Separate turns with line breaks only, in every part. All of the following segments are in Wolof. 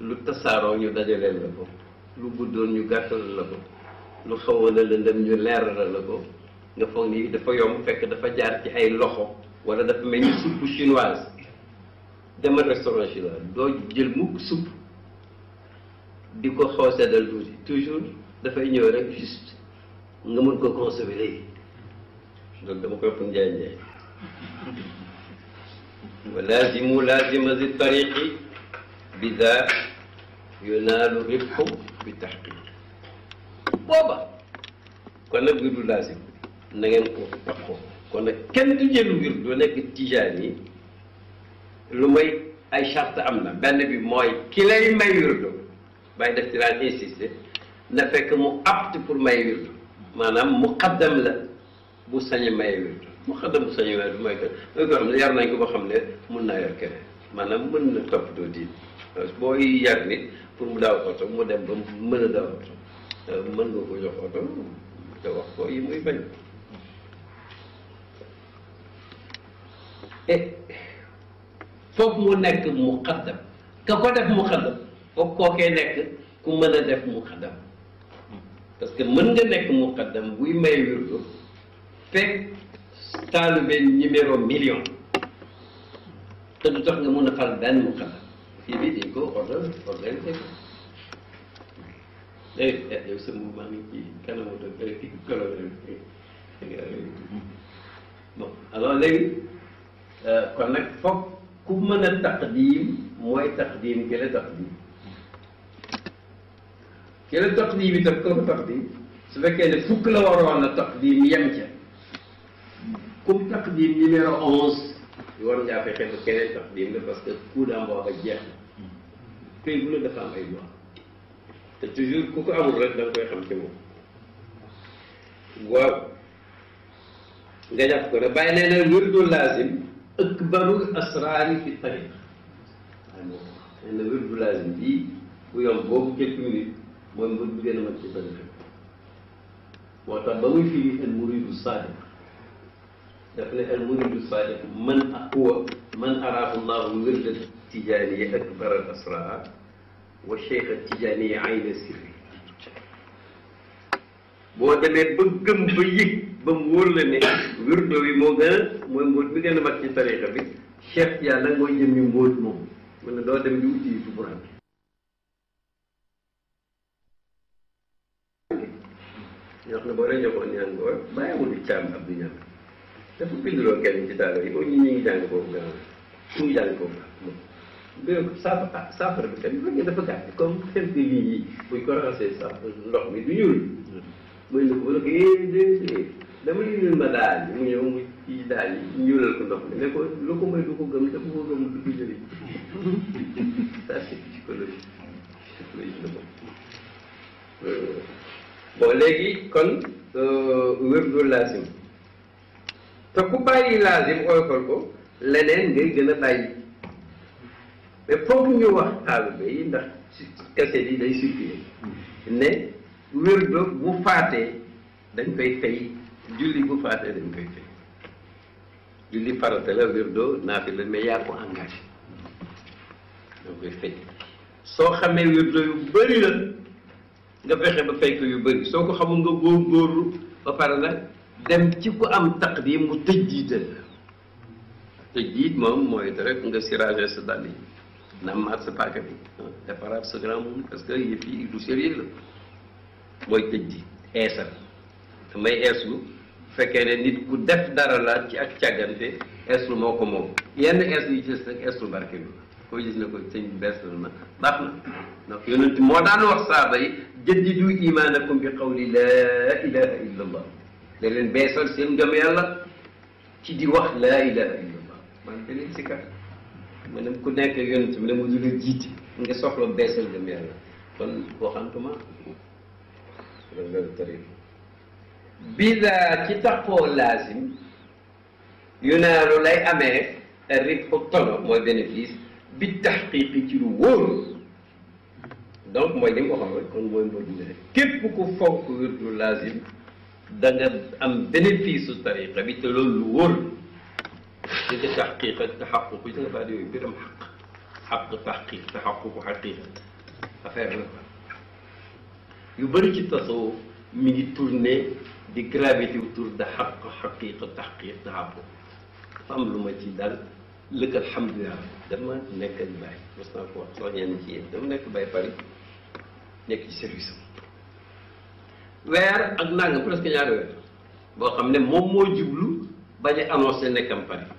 lu tasaaroo ñu dajaleel la ko lu guddoon ñu gàttal la ko lu xaw a lëndëm ñu leeral la ko nga foog ni dafa yomb fekk dafa jaar ci ay loxo wala dafa mel ni supp chinoise demal restaurant chinois doo jël mukk supp di ko xaw seddal tuuti toujours dafay ñëw rek juste nga mën ko consommer léegi loolu dama koy pour njaay njaay wa laazimu laazima zi tariqi bi daa ينال الربح بالتحقيق بابا كنا بيرو لازم نعين كوكو كنا كن تجلو بير دونا كتجاني لماي أي شرط أمنا بنا بي ماي كلاي ما يردو باي دكتوران إنسيسي نفك مو أبت فور ما يردو مانا مقدم لا بو سنة ما يردو مقدم بو سنة ما يردو ما يكن يكن يارنا يكو بخم لي منا يركي مانا من تفدو دين booy yar nit pour mu daaw oto mu dem ba mën a daaw oto mën nga ko jox oto te yi muy bañ eh, foofu mu nekk mu xaddam ka ko def mu xaddam foofu kookee nekk ku mën a def mu xaddam parce que mën nga nekk mu xaddam buy may wirdu fekk taalube numéro million te du tax nga mun a fal benn mu xaddam ibidingo oɗon order order eyi eɗe so mumamiji kala mo ɗon ɓere tigi koloɗen bon alors léegi kon nag foog ku mën a taqdim mooy taqdim kele taqdim kele taqdim itam kooku taqdim su fekkee ne fukk la waroon a taqdim yem ca comme taqdim numéro onze war تيقول لك خام أي بوا تتجول كوك عبور رد لك بي خام كمو واو جاجب كنا باينا الورد لازم أكبر الأسرار في الطريق أنا الورد لازم دي ويوم بوب كتوني مهم بود بجانا ما تتبقى وتبوي في المريد الصادق لكن المريد الصادق من أقوى man araahu llahu wirda tijaaniya akbar al asra wa cheikh al tijaaniya ayna sirri boo demee ba gëm ba yëg ba mu wóor la ne moo gën a mooy mbóot bi gën a mag ci tariqa bi cheikh yaa nag mooy jëm ñu mbóot moom mu ne doo dem di uti yi tuburaan ñoo xam ne boo leen joxoon ñaan nga war bàyyiwul di caam ab di ñaan dafa binduloo ñu ngi jàng boobu gannaaw suñu jàll boobu la. donc saafara saafara bi tamit bu fekkee dafa gàtt comme xeetu lii yi buñ ko raxasee sax ndox mi du ñuul. mooy la ko ba nga ko dama yëngal ma daal mu ñëw mu ci daal yi ñuulal ko ndox mi ne ko lu ko may du ko gëm dafa ko gëm du ko jëlee ça c'est psychologie psychologie la moom. bon léegi kon wér du laazim te ku bàyyi laazim oyofal ko. leneen ngay gën a bàyyi mais foog ñu wax taalibe yi ndax ci kaset yi day circulé ne wérdo bu faatee dañ koy fay julli bu faatee dañ koy fay julli farata la wérdo naafi la mais yaa ko engagé soo xamee wérdo yu bëri la nga fexe ba fay yu bëri soo ko xamul nga góor góorlu ba pare nag dem ci ku am taqdim mu tëj jiital تجديد مهم معدلات اندسراج الصدالي نعم ما تسبقك دي تبارك سجرام باسكو يفي دو سيريل mooy tëj di eesal damay eeslu fekkee ne nit ku def dara la ci ak càggante eeslu moo ko moom yenn eeslu yi ci des nag eeslu barke bi koy gis ne ko sëñ bees la na baax na donc yonent moo daan wax saaba yi jaddidu imaanakum bi qawli laa ilaha illa allah da leen beesal seen ngëm yàlla ci di wax la ilaha illa dañuy sikar ku nekk yonent bi dama ñu la jiite nga soxla beesal dem yàlla kon waxantuma loolu tëri bila ci taxoo laasim yu naalu lay amee rib tono mooy bénéfice bi taxqiqi ci lu wóoru donc mooy li mu waxoon rek kon mooy mboo jundee képp ku fonk wirdu laasim da am bénéfice su tariqa bi te loolu lu wóoru te ca taxqiiq ak taxaquq nga baal yooyu mbiram xaq xaq taxqiiq taxaquq xaqiiqa affaire la yu bëri ci tasawuf mi ngi tourné di gravité autour de xaq xaqiiqa taxqiiq taxaquq dafa am lu ma ci dal lëkk alhamdulilah dama nekk ak Baye mos naa ko wax sax ci yéen dama nekk Baye Paris nekk ci service am weer ak nangam presque ñaari weer boo xam ne moom moo jublu bañ a annoncé nekkam Paris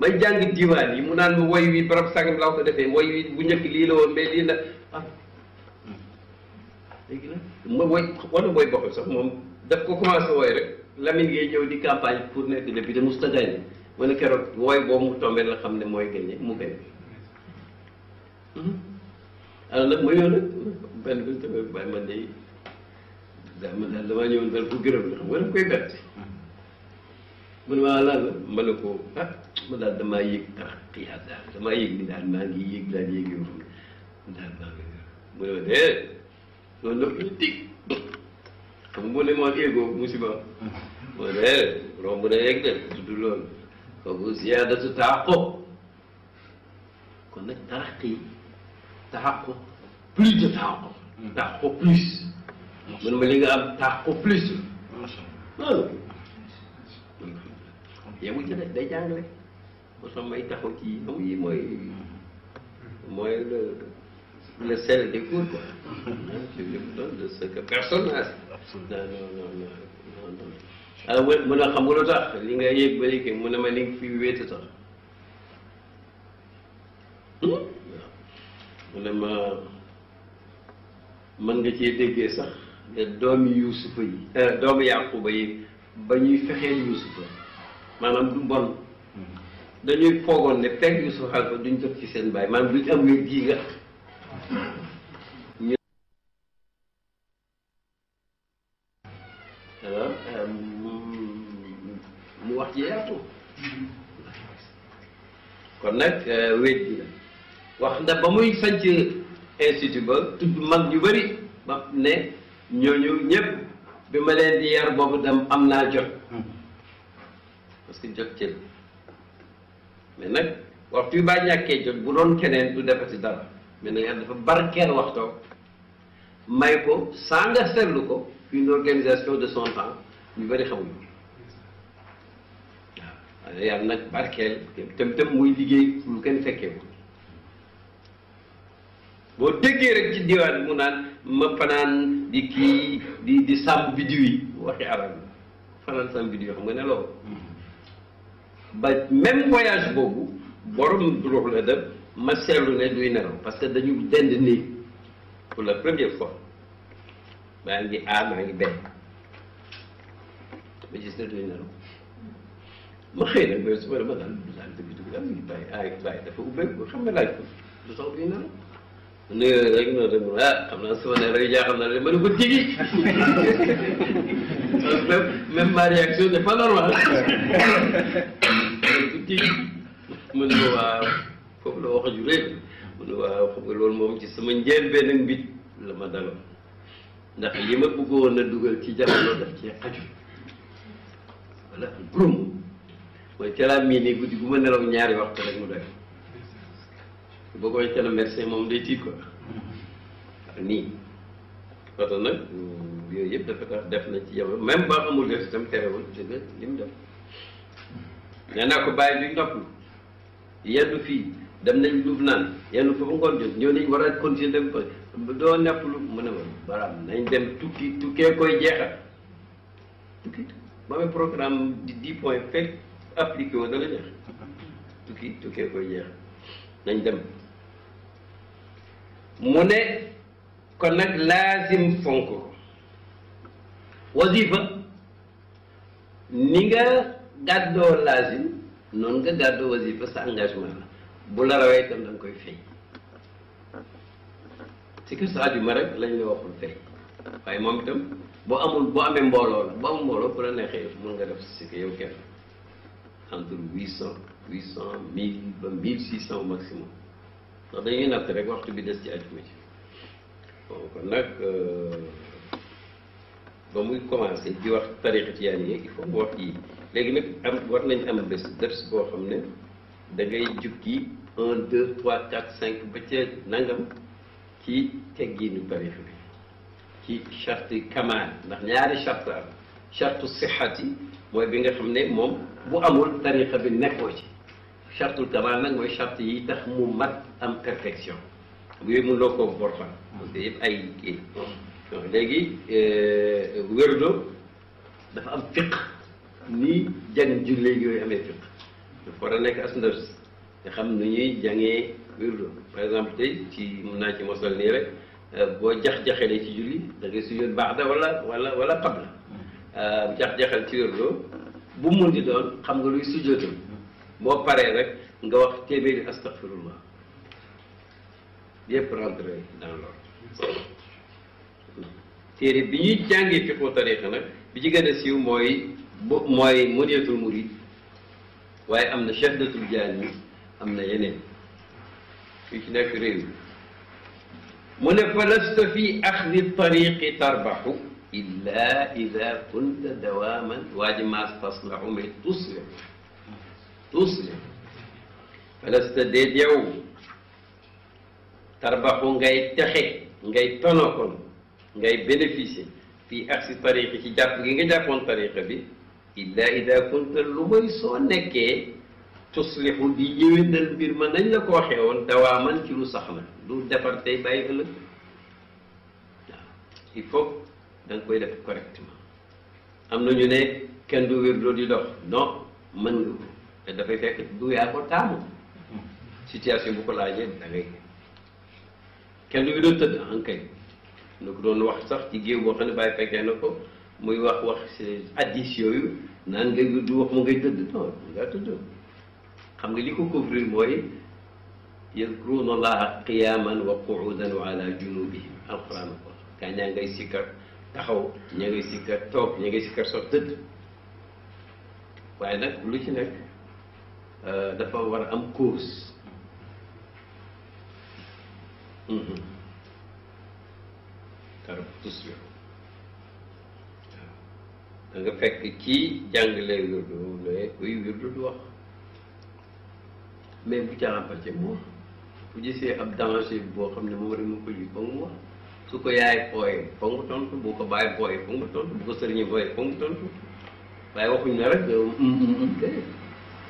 may jàng diwaan yi mu naan ma woy wi barab sàngam laa ko defee woy wi bu njëkk lii la woon mais lii la ah léegi nag ma woy wala woy boppam sax moom daf ko commencé woy rek Lamine ngay ñëw di campagne pour nekk député mu stagane ma ne keroog woy boobu mu tombé la xam ne mooy gagné mu gagné alors nag ma yoon nag benn bi tamit bàyyi daa ma daal ñëwoon gërëm la xam nga koy bett mu ne maa lan la ma ne ko ah ma daal damaa yëg tax xiyaat daal damaa yëg ni daal maa ngi yëg daal yëg yow daal maa ngi mu ne ma dee loolu la ñu dig xam nga mu ne maa éegoo musiba mu ne dee romb de tudd loolu kooku ziyaadatu taxaqquq kon nag taraqi taxaqquq plus de taxaqquq taxaqquq plus mu ne ma li plus loolu yow wi jële day jàngale bosom may taxaw ci xam yi mooy mooy le le sel des cours quoi je me donne de ce que personne n'a non non non non non alors mun a xam nga lu tax li nga yëg ba léegi mu ne ma li nga fi wéete sax waaw mu ne ma mën nga cee déggee sax ne doomi yuusufa yi doomi yàquba yi ba ñuy fexeel yuusufa maanaam du mbon dañuy foogoon ne pegg yu suxal fa duñ jot ci seen bàyyi maanaam duñ am ngay jii nga ñu euh, mu wax ci yaatu kon nag euh, wéet bi wax na ba muy sanc institut ba tudd mag ñu bëri ba ne ñooñu ñëpp bi ma leen di yar boobu dam am naa jot hmm parce que jot cër mais nag waxtu yu baa ñàkkee jot bu doon keneen du defati dara mais nag dafa barkeel waxtoo may ko saa nga seetlu ko une organisation de son temps ñu bëri xamuñu waaw yàlla nag barkeel tam tam muy liggéey lu kenn fekkee ko boo rek ci mu naan ma fanaan di ki di di sàmm bidiw yi waxi arab fanaan sàmm bidiw xam nga ne ba même voyage bobu borom ruuxul adab ma selu ne duy nelaw parce que dañu dend ni pour la première fois ba ngi A ma ngi B ma gis ne duy nelaw ma xëy nag mais suba ma daal daal dëgg dëgg am ngi bàyyi ay bàyyi dafa ubbe ko xam nga laaj ko du sax duy nelaw ne rek na rek ah am naa sama ne rek jaaxal na rek ma ne ko tigi même même ma réaction n'est pas normale. tuuti mën na waa foofu la wax ju rëy mën na waa xam nga loolu moom ci sama njëlbeen nag mbit la ma daloon ndax li ma bëggoon a dugal ci jamono daf cee xaju voilà gurum mooy calaa mii nii guddi gu ma nelaw ñaari waxtu rek mu doy boo koy teel a moom day tiit quoi nii. kon nag yooyu yëpp dafa tax def na ci yow même ba amul def itam terewul ci na li mu def nee naa ko bàyyi bi nopp yenn fii dem nañ Louvlaan yenn foofu ngoon jot ñëw nañ war a continuer dem fa doo nepp lu mu ne ma baraam nañ dem tukki tukkee koy jeexal tukki moomee programme di dix point fekk appliqué woo dala neex tukki tukkee koy jeexal nañ dem mu ne kon nag laazim fonk wasifa ni nga gàddoo laazim noonu nga gàddoo wasifa sa engagement la bu la rawee itam koy fay si kër sa ajuma rek lañ la waxul fay waaye moom itam boo amul boo amee mbooloo la boo amul mbooloo bu la neexee mun nga def si ko yow kenn entre huit cent huit cent mille ba mille six cent maximum ndax dañuy natt rek waxtu bi des ci ajuma kon nag ba muy commencé di wax tariqa tijaan yi il faut mu wax yi léegi nag am war nañ am bés dërs boo xam ne da ngay jukki un deux trois quatre cinq ba ca nangam ci teggiinu tariqa bi ci charte kamaan ndax ñaari charte am charte sixat yi mooy bi nga xam ne moom bu amul tariqa bi nekkoo ci chartul kamaan nag mooy charte yi tax mu mat am perfection yooyu mënuloo ko borfan parce que yëpp ay kii donc léegi euh, wérdo dafa am fiq ni jàng jullee yooyu amee fiq dafa war a nekk as ndaw si xam nu ñuy jàngee wérdo par exemple tey ci mun naa ci mosal nii rek euh, boo jax-jaxalee ci julli da ngay sujjóot baax da wala wala wala qabla euh, jax-jaxal ci wérdo bu mun di doon xam nga luy sujjóotam boo paree rek nga wax téeméeri astaghfirullah yëpp rentré dans l'ordre téere bi ñuy jàngee fi ko tarixa nag bi ci gën a siiw mooy mooy muniyatul murid waaye am na shahdatul jaani am na yeneen fii ci nekk réew
mu ne fa lasta
fi axdi tariqi tarbaxu illa ida kunta dawaman waa ji maas taslaxu mais tusle tusle fa lasta déet yow tarbahu ngay texe ngay tonokon ngay bénéficier fi aksi tariqa ci jàpp gi nga jàppoon tariqa bi illa ida kunta lu moy soo nekkee tuslihu di yëwénal mbir ma nañ la ko waxee woon dawaaman ci lu sax la du defar tey bàyyi ëllëg waaw il faut da nga koy def correctement am na ñu ne kenn du wér doo di dox non mën nga ko te fekk du yaa ko taamu situation bu ko laajee da ngay كان يدو تد انكاي نكدون واخ صاح تي جيو بو خاني باي فكي نكو موي واخ واخ سي اديس يويو نان غا يدو واخ موغاي تد نو غا تد خمغ ليكو كوفرير موي يذكرون الله قياما وقعودا وعلى جنوبهم القران كان نان غاي سيكر تخاو نيغاي سيكر توك نيغاي سيكر سو تد واي نك لوشي نك دا فا وار ام كورس tarapus la da nga fekk kii jàngale wirdu moom ne kuy wirdu du wax mais bu carapace moom bu gisee ab danger boo xam ne moom rek ma ko lii foog mu wax su ko yaay fooyee foog mu tontu bu ko bàyyi fooyee foog mu tontu bu ko sëriñi fooyee foog mu tontu waaye waxuñ na rek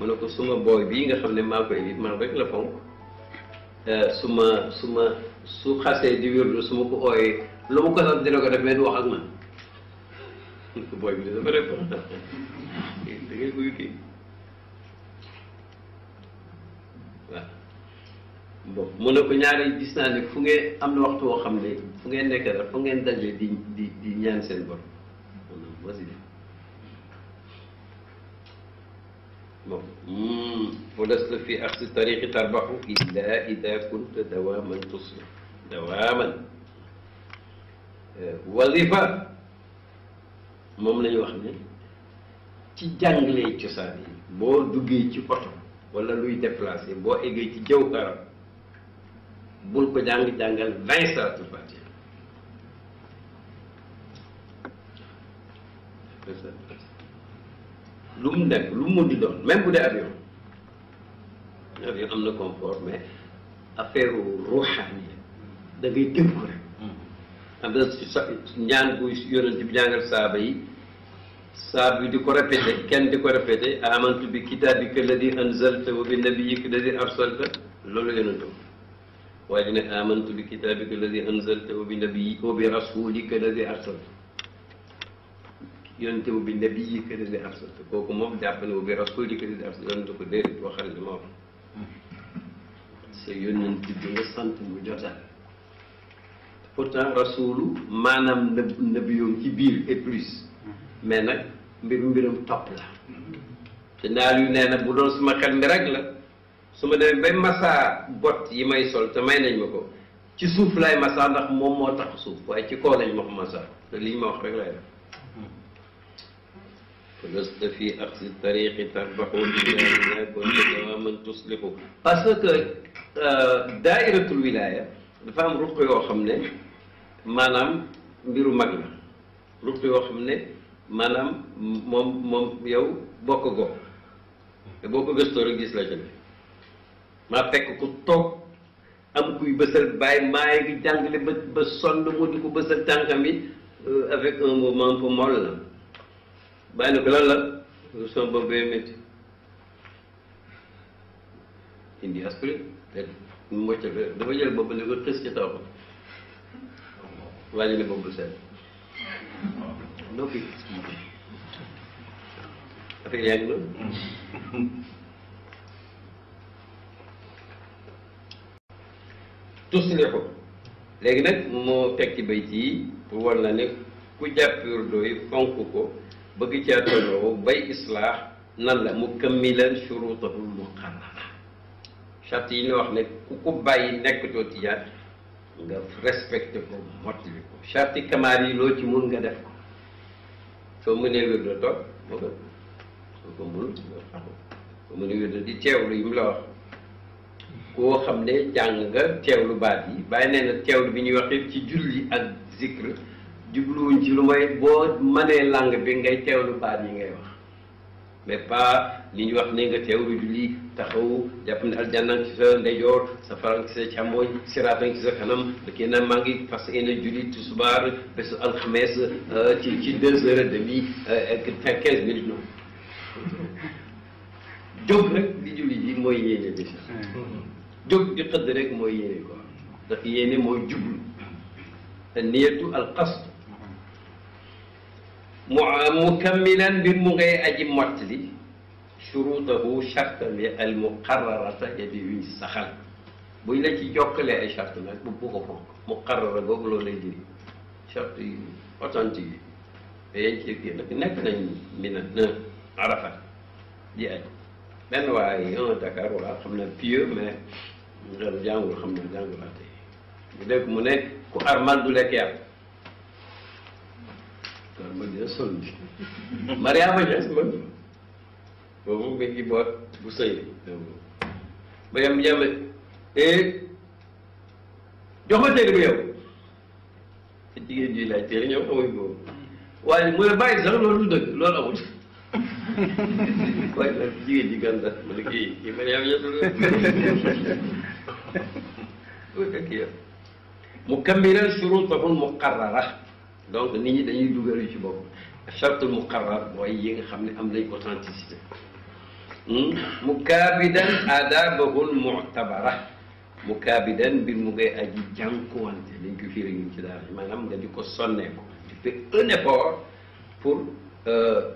mu ne ko suma booy bii nga xam ne maa koy it man rek la fonk euh, su ma su su xasee di wirdu su ma ko ooyee lu ma ko sant dina ko def mais wax ak man booy bi dafa rek da ngay koy kii waaw bon mu ne ko ñaari gis naa ne fu ngeen am na waxtu woo xam ne fu ngeen nekk rek fu ngeen daje di di di ñaan seen borom حتمه ولست في أخذ الطريق تربح إلا إذا كنت دواما تصلح دواما walifa moom la ñu wax ne ci jàngalee cosaan yi boo duggee ci oto wala luy déplacé boo eggee ci jëw karam bul ko jàng jàngal vingt salatul fatiha lu mu nekk lu mu mën di doon même bu dee avion avion am na confort mais affaire ruuxaani da ngay tënku rek am na sa ñaan bu yonent bi jàngal saaba yi saab bi di ko répété kenn di ko répété amantu bi kitaabika alladi anzalta wa bi nabiyika alladi arsalta loolu yonent waaye dina amantu bi kitaabika alladi anzalta wa bi nabiyi wa bi rasulika alladi arsalta yonente bi nabi yi que ne di arsalta kooku moom jàpp ne bi rasul yi que ne di arsalta yonente ko déedéet waxal li ma wax c'est yonente bi nga maanaam nëb ci biir et mais nag mbiru mbirum topp la te naal yu nee na bu doon suma xel mi rek la su ma demee bay masaa bot yi may sol te may nañ ma ko ci suuf laay masaa ndax moom moo tax suuf waaye ci kaw lañ ma ko masaa te li ñu ma wax rek lay def ولست في أقصد الطريق تربح ولاياك تماما تصلح قصدك دائرة الولاية نفهم رقي وخمنة ما نام بيرو مغنى رقي وخمنة ما نام مم مم يو بوكوغو بوكوغو ستوري جيس لجنة ما فك كتوك أم كوي بسر باي ماي كي جانجلي بسون دمو ديكو بسر تانكامي avec un mouvement pour moi बाए बबूम हॉस्पिटल बबू लॻो बबू साहिब लिखो लेकिन मैक्ट्री भई थी वञे कोई टियो डोई पंखो bëgg cee tojoo bay islaax nan la mu kammilan shurutahul muqarrara charte yi ñu wax ne ku ko bàyyi nekkatoo tijaan nga respecté ko mottali ko charte kamaal yi loo ci mun nga def ko soo mënee wér di teewlu yi mu la wax koo xam ne jàng nga teewlu baat yi bàyyi nee na teewlu bi ñuy wax yëpp ci julli ak zikr jubluwuñ ci lu may boo mané langue bi ngay teewlu baat yi ngay wax mais pas li ñu wax ni nga teewlu julli taxaw jàpp ne aljanna ci sa ndeyjoor sa faran ci sa càmmooñ siraatan ci sa kanam ba kii naan maa ngi fas yéene julli tusubaar bésu alxames eh, ci ci deux heures et demi ak eh, quinze minutes noonu jóg rek di julli ji mooy yéene bi sax jóg di xëdd rek mooy yéene quoi ndax yéene mooy jublu niyatu al qasd مكملا بمغي أجي مرتلي شروطه شرط المقررة يدي وين سخل بو لا تي جوكلي أي شرط بو بو فوق مقرر بو لو لي دي شرط اوتانتي اي تي كي نك نك من عرفة دي أي بن واي يو Dakar waa خمنا بيو مي mais jàngul خمنا na لا تي ديك مو mu كو ارمال دو du ma dee sol bi Mariama Niass man boobu mi ngi boot bu sëy Mariama Niass e, jox ma téere bi yow ji laaj ma ne kii kii Mariama Niass mu kambiral shurutahul muqarrara donc nit ñi dañuy dugal yu ci bopp charte muqarrar mooy yi nga xam ne am nañ authenticité mukaabidan aadaabahul mu'tabara mukaabidan mbir mu ngay aji jànkuwante liñ ko firi ñu ci daal maanaam nga di ko sonnee ko tu fais un effort pour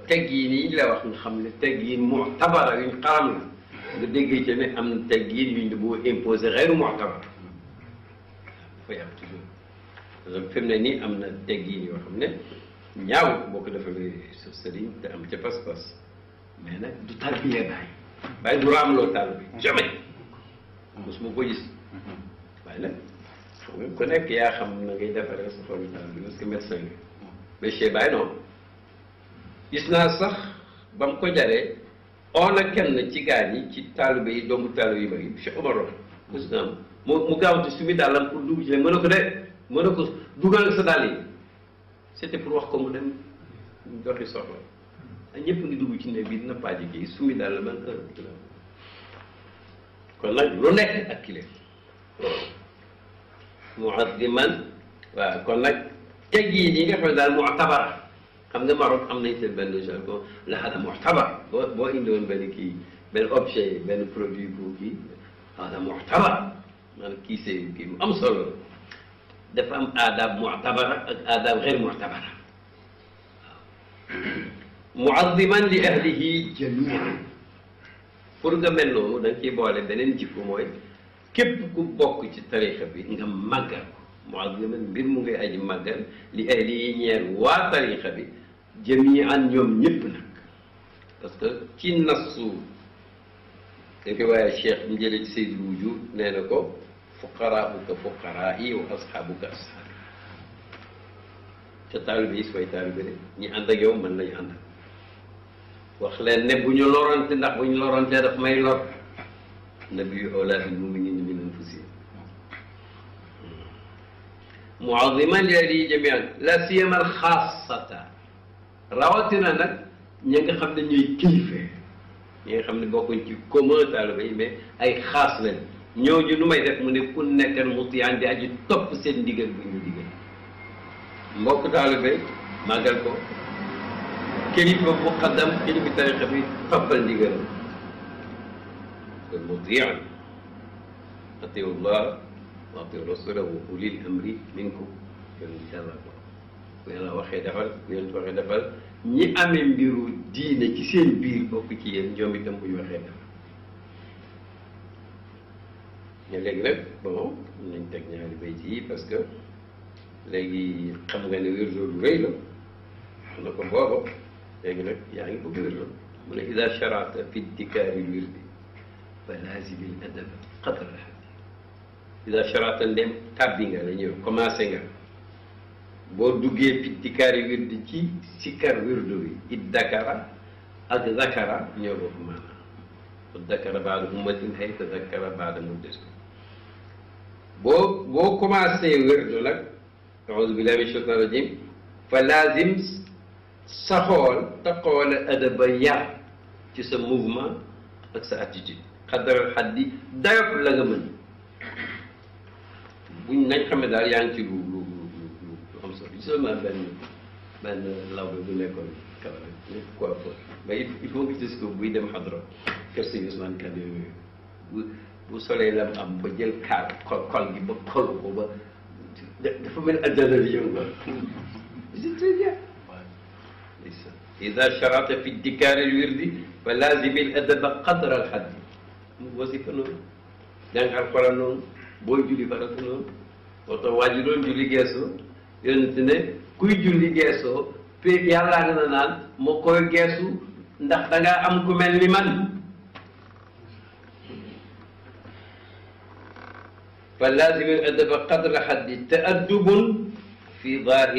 teggiin ni la wax nga xam tegi teggiin mu'tabara yuñ xaram la nga déggee ci ne am na teggiin yuñ la boo imposé xeyru mu'tabara dafay am toujours loolu fi mu ne nii am na teggin yoo xam ne ñaaw boo ko defalee sa sëriñ te am ca pas-pas mais nag du tarbiya bàyyi bàyyi du raamloo taal bi jamais mosuma ko gis waaye nag xam nga nekk yaa xam na ngay defaree sa forme taal naa sax ba ko jaree on a kenn ci yi ci taalibe yi doomu taalibe yi mag yi naa mu mu gaawante su mi dàllam pour dugg ci ne mën a ko de ma ne ko dugal ak sa dàll yi c'était pour wax ko mu dem doxi soxla ñëpp ngi dugg ci ne bi dina pàjj kii sumi dàll ban heure kilo kon nag lu nekk ak kile muaddiman waaw kon nag teg yi ñi nga xam ne daal mu'tabar xam nga Maroc am nañ seen benn jargon la hada mu'tabar boo boo indiwoon benn kii benn objet benn produit bu kii hada mu'tabar maanaam kii c'est kii mu am solo دفهم آداب معتبرة آداب غير معتبرة معظما لأهله جميعا فرغ منو دنكي بولي بنين جيكو موي كيب كو بوك سي تاريخ بي نغا ماغر معظما بير مو غي ادي ماغر لأهله نير وا تاريخ بي جميعا يوم نيب نك باسكو كي نصو دنكي واي شيخ مجلج سيد الوجود نيناكو فقراءك فقرائي وأصحابك أصحابي تتعلم بيس ويتعلم بيس ني عندك يوم من لي عندك وخلال نبني لوران تندق بني لوران تندق ماي لور نبي أولاد المؤمنين من أنفسهم معظما لي جميعا لا سيما الخاصة rawatina nak ñi nga xamne ñoy kilifé ñi nga xamne bokkuñ ci commun talibé mais ay khas lañ ñooñu nu may def mu ne ku nekkan mutiyaan di aji top seen digal bu ñu digal mbokk taalibe magal ko kilifa bu xaddam kilifa tariqa bi toppal ndigalam kon mutiyaan atiu llah wa atiu rasula wa ulil amri minkum yoon yàlla ko ku yàlla waxee defal ku yonent waxee defal ñi amee mbiru diine ci seen biir bokk ci yéen ñoom itam bu ñu waxee defal mais léegi nag bon nañ teg ñaari bayt yi parce que léegi xam nga ne wirdo lu rëy la xam na ko booba léegi nag yaa ngi bëgg wirdo mu ne ida charata fi dikaari wirdi fa laazimi l adab qadra lahadi ida charata ndem tàbbi nga la ñëw commencé nga boo duggee fi dikaari wirdi ci sikkar wirdo bi it dakara ak zakara ñoo bokk maanaam dakara baada ummatin ay tadakkara baada muddatin boo boo commencé wérdu nag audu billahi min shaitan rajim fa lazim saxool taxool a adab ba yar ci sa mouvement ak sa attitude xadaral xaddi dayob la nga mën buñ nañ xam ne daal yaa ngi ci lu lu lu lu am solo gis naa benn benn law bi bu nekkoon kawara nekk coiffeur mais il faut nga gis ko buy dem xadra kër si Ousmane Kane yooyu bu solee lam am ba jël kaar xol gi ba xolu ko ba dafa mel aljana bi yow la koy geesu ndax da am ku mel ni man فلازم الادب قدر حد تادب في ظاهر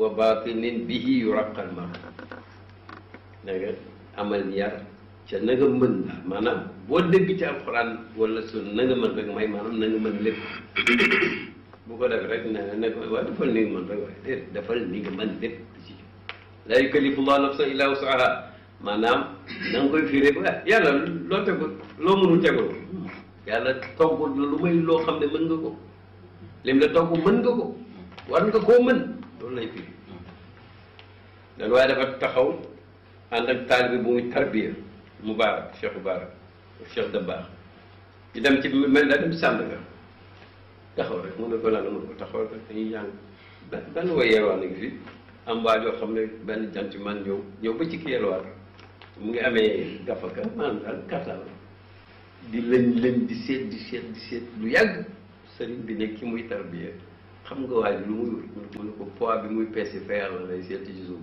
وباطن به يرقى المرء عمل يار نغ نعم من معنا ودك تي القران ولا السنه نغ نعم من رك ماي معنا نغ نعم من لب بوكو دك رك نغ ودفل نغ من رك دفل نغ من لب لا يكلف الله نفسا الا وسعها معنا نغ في ربا يلا لو تقول لو منو تقول yàlla toggul la lu may loo xam ne mën nga ko lim la togg mën nga ko war nga koo mën loolu lay firi dan waaye dafa taxaw ànd ak taalibe bu muy tarbiya Mubaarak Cheikh Mubaarak Cheikh Dabakh ñu dem ci mel daa dem sànd nga taxaw rek mun ne ko laana mun ko taxaw rek dañuy jàng ban ban way yelwaan ngi fi am waa joo xam ne benn jant man ñëw ñëw ba ci ki yelwaan mu ngi amee gafaka maanaam daal kattan di lëñ lëñ di seet di seet di seet lu yàgg sëriñ bi nekk ki muy tarbiya xam nga waaj lu muy wut mu ne ko poids bi muy peese fa yàlla lay seet ci suuf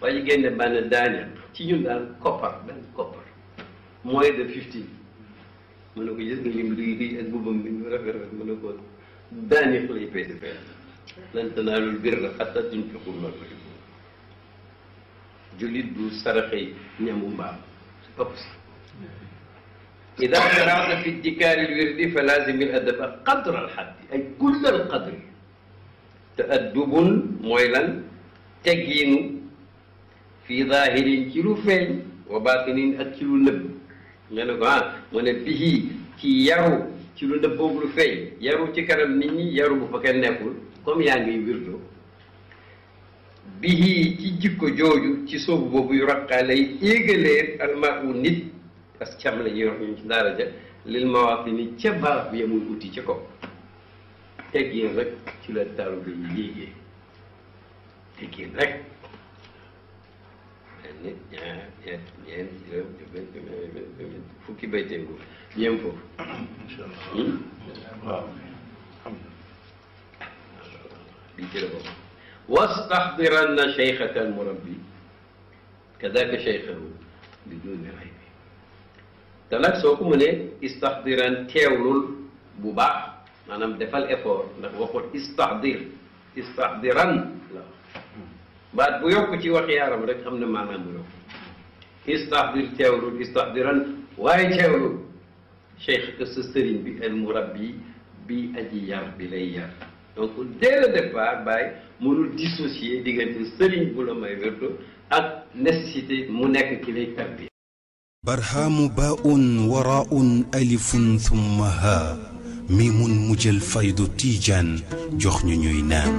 waaye ak bubbam bi mu rafet rafet mu ne ko daaneel lay peese fa yàlla lan tanaalul birra mbaam si bopp si ida qarata fi jikaari lwirdi fa lazim al adab ak qadre al xaddi ay kull al qadri te addubun mooy lan teggiinu fii zahirin ci lu feeñ wa batinin ak ci lu nëbb nga ne ko ah mu ne bihi ci yaru ci lu nëbboog lu feeñ yaru ci kanam nit ñi yaru bu fa kenn nekkul comme yaa ngiy wirdo bihi ci jikko jooju ci soobu boobu yu raqaale yi éegalee almaa u nit parce que am la ñuy wax ñun ci daara ja lil ma wax ni ca barab ya muy uti ca kaw teggin rek ci la taalu bi yéegee teggin rek nit ñaar ñett ñeent juróom juróom juróom juróom fukki bay tengu ñeem foofu hmm? waaw di jële bopp wastaxdiranna cheyxatan murabbi kadaka cheyxahu bi duni rey nag soo ko mënee istahdiran teewlul bu baax maanaam defal effort ndax waxul istahdir istahdiran la baat bu yokk ci wax yaaram rek xam ne maanaam bu yokk istahdir teewlul istahdiran waaye teewlul cheikh sa sëriñ bi al murabbi bi aji yar bi lay yar donc dès le départ Baye mënul dissocier diggante sëriñ bu la may wérdo ak nécessité mu nekk ki lay tarbi barhaamu baaun waraaun alifun thumma haa miimun mujjël faydu tiijaan jox ñu ñuy naan